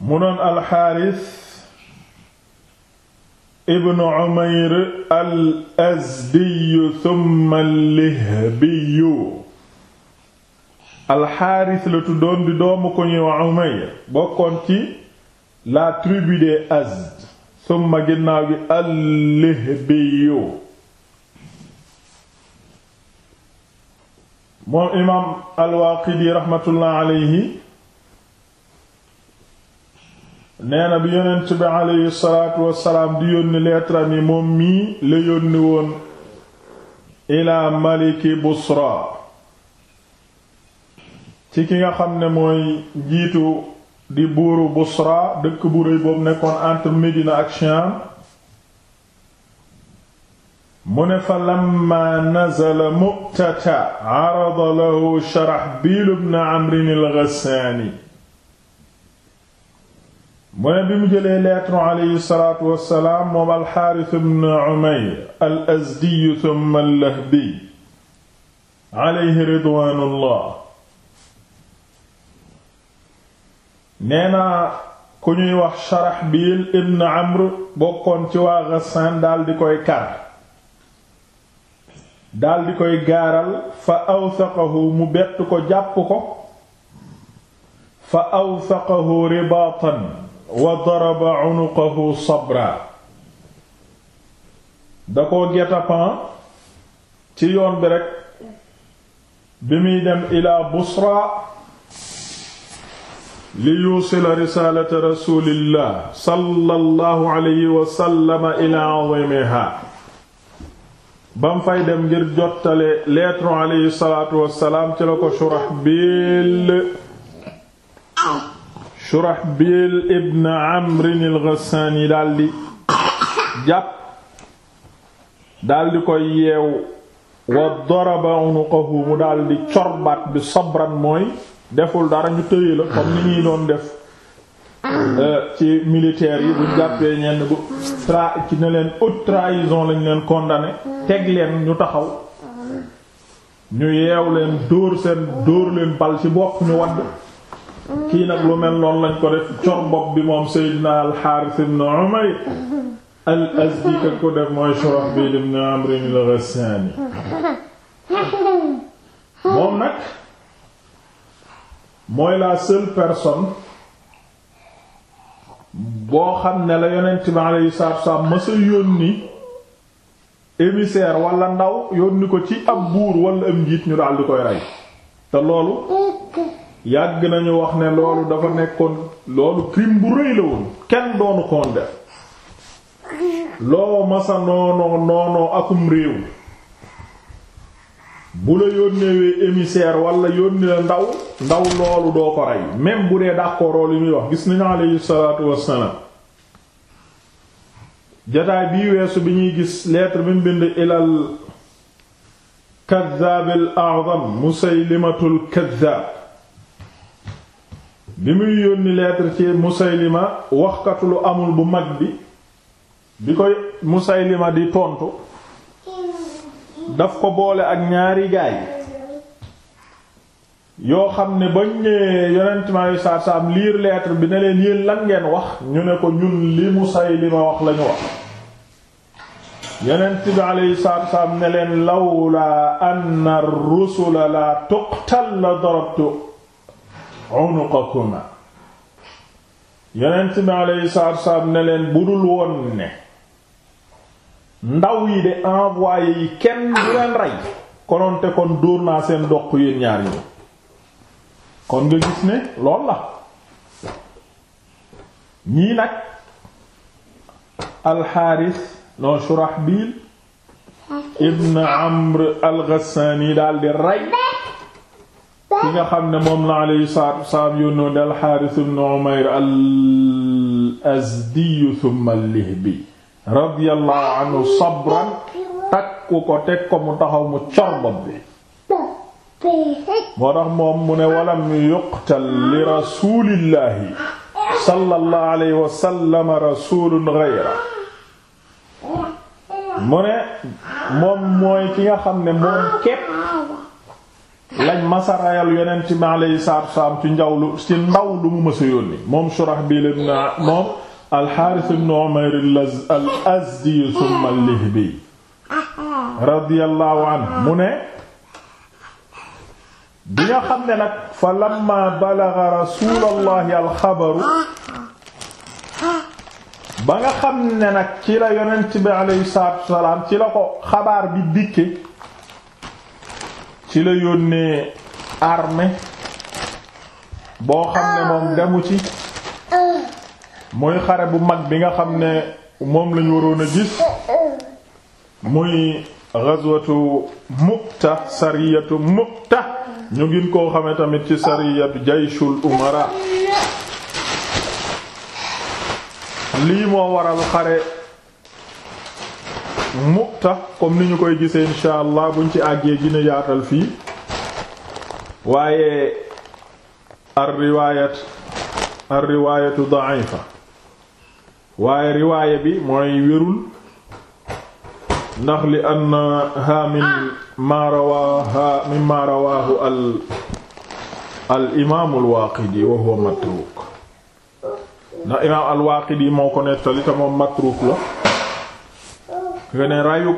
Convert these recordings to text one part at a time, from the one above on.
mu noon alxaaris ibnu umayr al azdiyu thumma lihbiyu alxaaris la tuddoon di doomu ko ñuy wax bokkoon ci la tribu des azd thumma ginnaaw gi al lihbiyu moom imaam al waaqidi raxmatullah aleyhi nee na bi yonent bi aleyhi salaatu wassalaam di yónni leetaram yi moom mii la yónni woon ilaa maliki busra ci ki nga xam ne mooy njiitu di buuru busra dëkk bu réy boobu nekkoon entre Médina ak Sham mu ne fa lamma nazala mu'tata arada lahu Sharaxbiil ibn Amrin al-Ghassaani mu ne bi mu jëlee lettre alayhi salaatu wassalaam moom alxaaris ibn umayr al azdiyu thumma al-lahbi alayhi ridwaanullah nee na ku ñuy wax Sharaxbiil ibn Amr bokkoon ci waa Ghassan daldi koy kar daldi koy gaaral fa awthaqahu mu bett ko jàpp ko fa awthaqahu ribaatan wa daraba unuqahu sabra da ko ci yoon bi rekk bi muy dem ilaa busra li yuusila risaalata rasuulillah sallallahu alayhi wa sallam ilaa azimiha fay dem ngir jottale lettre alayhi salaatu wassalaam ci la ko Shurahbiil Shurahbil ibn Amr al-Ghassani daldi jàpp daldi koy yeew wa daraba unuqahu mu daldi corbaat bi sabran mooy deful dara ñu tëye la comme ni ñuy doon def euh, ci militaires yi buñ jàppee ñenn bu tra ci ne leen haute trahison lañ leen condamné teg leen ñu taxaw ñu yeew leen dóor seen dóor leen bal ci bopp ñu wadd kii nag lu mel noonu lañ ko def cor bopp bi moom Seydina al-Harith ibn Umayr al-Azdi ka ko def mooy Shurahbil ibn Amr al-Ghassani moom nag mooy la seule personne boo xam ne la yonent bi alayhi salaatu wassalaam mësa yónni émissaire walla ndaw yónni ko ci ab buur walla ak njiit ñu daal di koy rey te loolu yàgg nañu wax ne loolu dafa nekkoon loolu crime bu rëy la woon kenn doonu koon def loo masa noonoo noonoo akum réew bu la yónnewee émissaire wala yónni la ndaw ndaw loolu doo ko rey même bu dee d'accord li muy wax gis nañu alayhi salaatu weesu bi ñuy gis lettre bi mu bind ilal kaddaabil a'zam musaylimatul kaddaab bi muy yónni lettre ci Musaylima waxkatu lu amul bu mag bi bi koy Musaylima di tontu daf ko boole ak ñaari gaay yoo xam ne bañ ne yonent ma yu saab saab liir lettre bi ne leen yéen lan ngeen wax ñu ne ko ñun li Musaylima wax lañu wax yonent bi alayhi salaatu salaam ne leen lawlaa anna ar-rusula la tuqtal la darabtu unuqakuma yonent bi alayhi salaatu woon ne ndaw yi de envoyé yi kenn du leen rey kononte kon dóor naa seen doq yéen ñaar yi kon nga gis ne lool la ñii nag alxaaris non Shurahbil ibn Amr al-Ghassani daal rey ki nga xam ne moom la alayhi salaatu wasalaam yónnoon di alxaaris ibn umayr al azdiyu thumma lihbi radiyallahu anhu sabran takk ko teg mu taxaw mu corbob bi moo tax moom mu ne walam yuqtal li rasulillahi sallallahu alayhi wa sallam rasulun ghayra mu ne ki nga xam ne moom képp lañ masarayal yonent bi alayhi salaatu wassalaam ci ndaw lu ci ndaw lu mu mësa yónni moom Shurahbil ibn moom al-Haaris ibn Umayr al-Azdi thumma lihbi radiyallahu anhu mu ne bi nga xam ne nag fa lamma balagha rasulallahi alxabaru ba nga xam ne nag ci la yonent bi alayhi salaatu wassalaam ci la ko xabaar bi dikke ci la yónnee armée boo xam ne moom demu ci muy xare bu mag bi nga xam ne moom lañu waroon a gis muy ghazwatu Mu'ta sariyatu Mu'ta ñu ngi koo xame tamit ci sariyatu jayshul umara lii moo waral xare mu'ta comme ni ñu koy gisee insha allah buñ ci àggee gina yaatal fii waaye ar riwaayat ar riwaayatu da'ifa waaye riwaaya bi mooy wérul ndax li annaha min ma rawaha min ma rawahu al al imaam al waaqidi wa huwa ndax imaam al waaqidi moo ko nettali te moom la ne rayu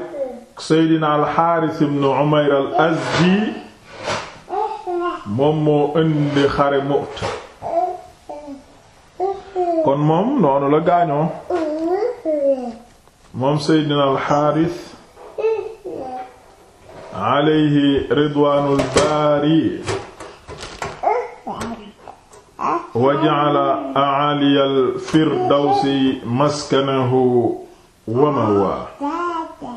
Seydina al-Xaaris ibn Umayr al-Azdi moom moo indi xare Mu'ta kon moom noonu la gaañoo moom Seydina al-Xaaris alayhi ridwaanul baari wa ja'ala a'aaliyal firdawsi maskanahu wa ma'waahu